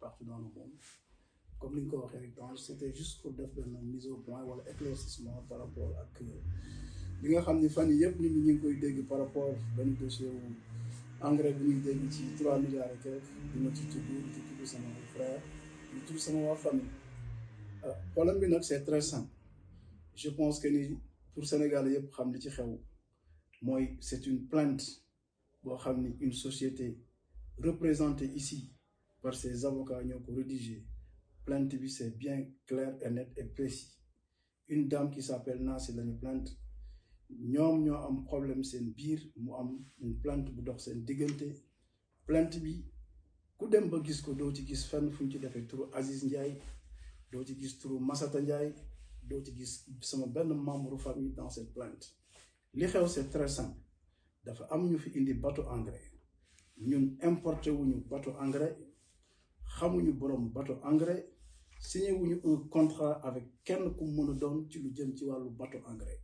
partout dans le moom comme li nga ko waxee rek donc c'était juste pour def benn mise au point wala éclaircissement par rapport ak li nga xam ni fan yii yëpp nit ñi ñu ngi koy dégg par rapport benn dossier wu engrais bi ñuy dégg ci trois milliards et quelques di ma ci tudd di tudd sama frère di tudd sama waa famille euh, bi nag c'est très simple je pense que ni pour Sénégal yëpp xam li ci xew mooy c'est une plainte boo xam ni une société représenté ici parce que avocats ñoo ko rédigé plante bi c'est bien clair et net et précis une dame qui s'appelle Nancy lañu plainte ñoom ñoo am problème seen biir mu am une plainte bu dox seen diggante plante bi ku dem ba gis ko doo ci gis fenn fu ñu ci defee turu Aziz Ndiaye doo ci gis turu Massata Ndiaye doo ci gis sama benn membre famille dans cette plante li xew c'est très simple dafa am ñu fi indi bateau engrais ñun importé wuñu bateau engrais xamuñu borom bateau engrais signé wuñu un contrat avec kenn ku mën doon ci lu ci wàllu bateau engrais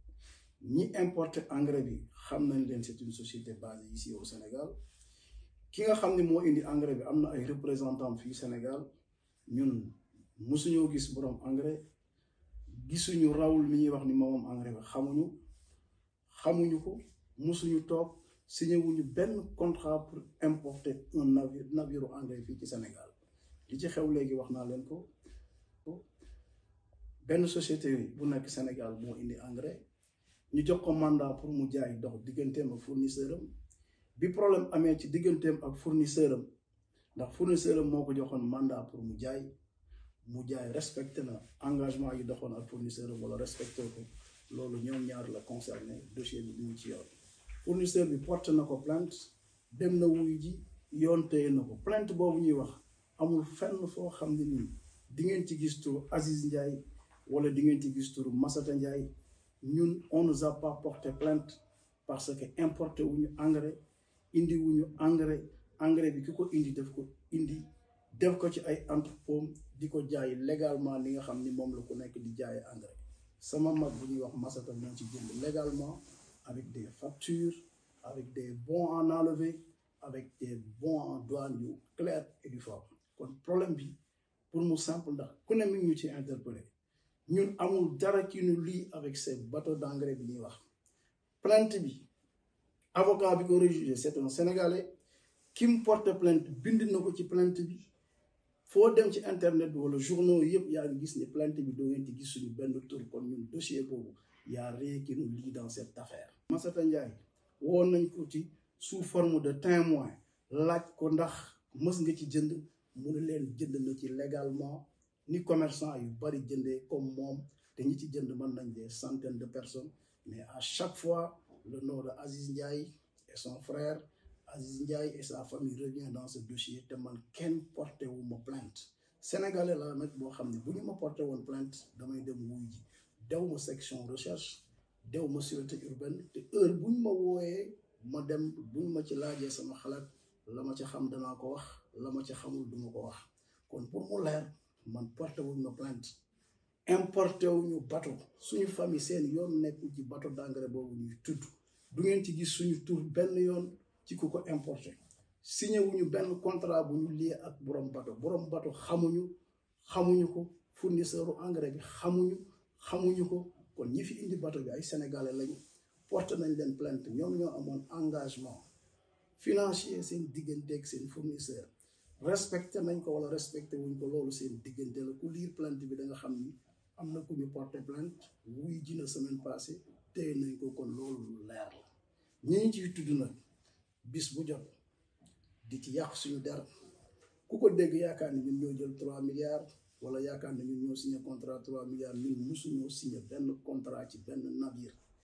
ñi importer engrais bi xam nañ leen c'est une société basée ici au Sénégal ki xam ne moo indi engrais bi am na ay représentants fii Sénégal ñun mosuñoo gis borom engrais gisuñu rawul mi ñuy wax ni moom engrais bi xamuñu xamuñu ko mosuñu toog signé wuñu benn contrat pour importer un navire navire engrais fii ci Sénégal li ci xew léegi wax naa leen ko benn société bu nekk Sénégal moo indi engrais ñu jox ko mandat pour mu jaay dox digganteem ak fournisseur am bi problème amee ci digganteem ak fournisseur am ndax fournisseur am moo ko joxoon mandat pour mu jaay mu jaay respecté na engagement yi doxoon ak fournisseur wala respecté loolu ñoom ñaar la concerné dossier bi ñu fournisseur bi porte na ko plant dem na wuy ji yoon téye na ko plainte boobu ñuy wax. amul fenn foo xam ne nii di ngeen ci gis turu Aziz Ndiaye wala di ngeen ci gis turu Massata Ndiaye ñun on nous a pas porté plainte parce que importé ñu engrais indi wuñu engrais engrais bi ki ko indi def ko indi def ko ci ay entrepôt di ko jaay légalement li nga xam ni moom la ku nekk di jaayee engrais sama mag bu ñuy wax Massata moo ci jënd légalement avec des factures avec des bons en enlevé avec des bons en douane yu clair et du fort kon problème bi pour mu simple ndax ku ne mi ñu ci interpellé ñun amul dara ki ñu lii avec ces bateaux d'engrais bi ñuy wax plainte bi avocat bi ko réjugé c'est un sénégalais ki mu porte plainte bind na ko ci plainte bi foo dem ci internet wala journaux yëpp yaa ngi gis ne plante bi doo ngeen di gis suñu benn tur kon ñun dossier boobu yaa rien qui nous lie dans cette affaire. Massata Ndiaye woon nañ ko ci sous forme de témoin laaj ko ndax mës nga ci jënd. mu ne leen jënd na ci légalement ni commerçant yu bari jëndee comme moom te ñi ci jënd man nañ des centaines de personnes mais à chaque fois le nom de Aziz et son frère Aziz Ndiaye et sa famille revient dans ce dossier te man kenn porté wu ma plainte sénégalais la nag boo xam ne bu ñu ma porté woon plant damay dem wuy ji dew ma section recherche dew ma sûreté urbaine te heure bu ñu ma wooyee ma dem bu ñu ma ci laajee sama xalaat la ma ca xam danaa ko wax la ma ca xamul duma ko wax kon pour mu leer man porté woon na plainte importé wuñu bateau suñu famille seen yoon nekk ci bato d'engrais boobu ñuy tudd du ngeen ci gis suñu tur benn yoon ci ku ko importé signé wuñu benn contrat bu ñu lié ak borom bateau borom bateau xamuñu xamuñu ko fournisseur engrais bi xamuñu xamuñu ko kon ñi fi indi bateau bi ay sénégalais lañu porté nañ leen plainte ñoom ñoo amoon engagement financier seen diggante ak seen fournisseur respecté nañ ko wala respecté wuñ ko loolu seen diggante la ku liir plainte bi da nga xam ni am na ku ñu porté plainte wuy ji na semaine passée téye nañ ko kon loolu lu leer la ñi ñu ciy tudd nag bis bu jot di ci yàq suñu der ku ko dégg yaakaar ni ñun ñoo jël trois milliards wala yaakaar nañu ñoo signé contrat trois milliards ñun musuñoo signé benn contrat ci benn navire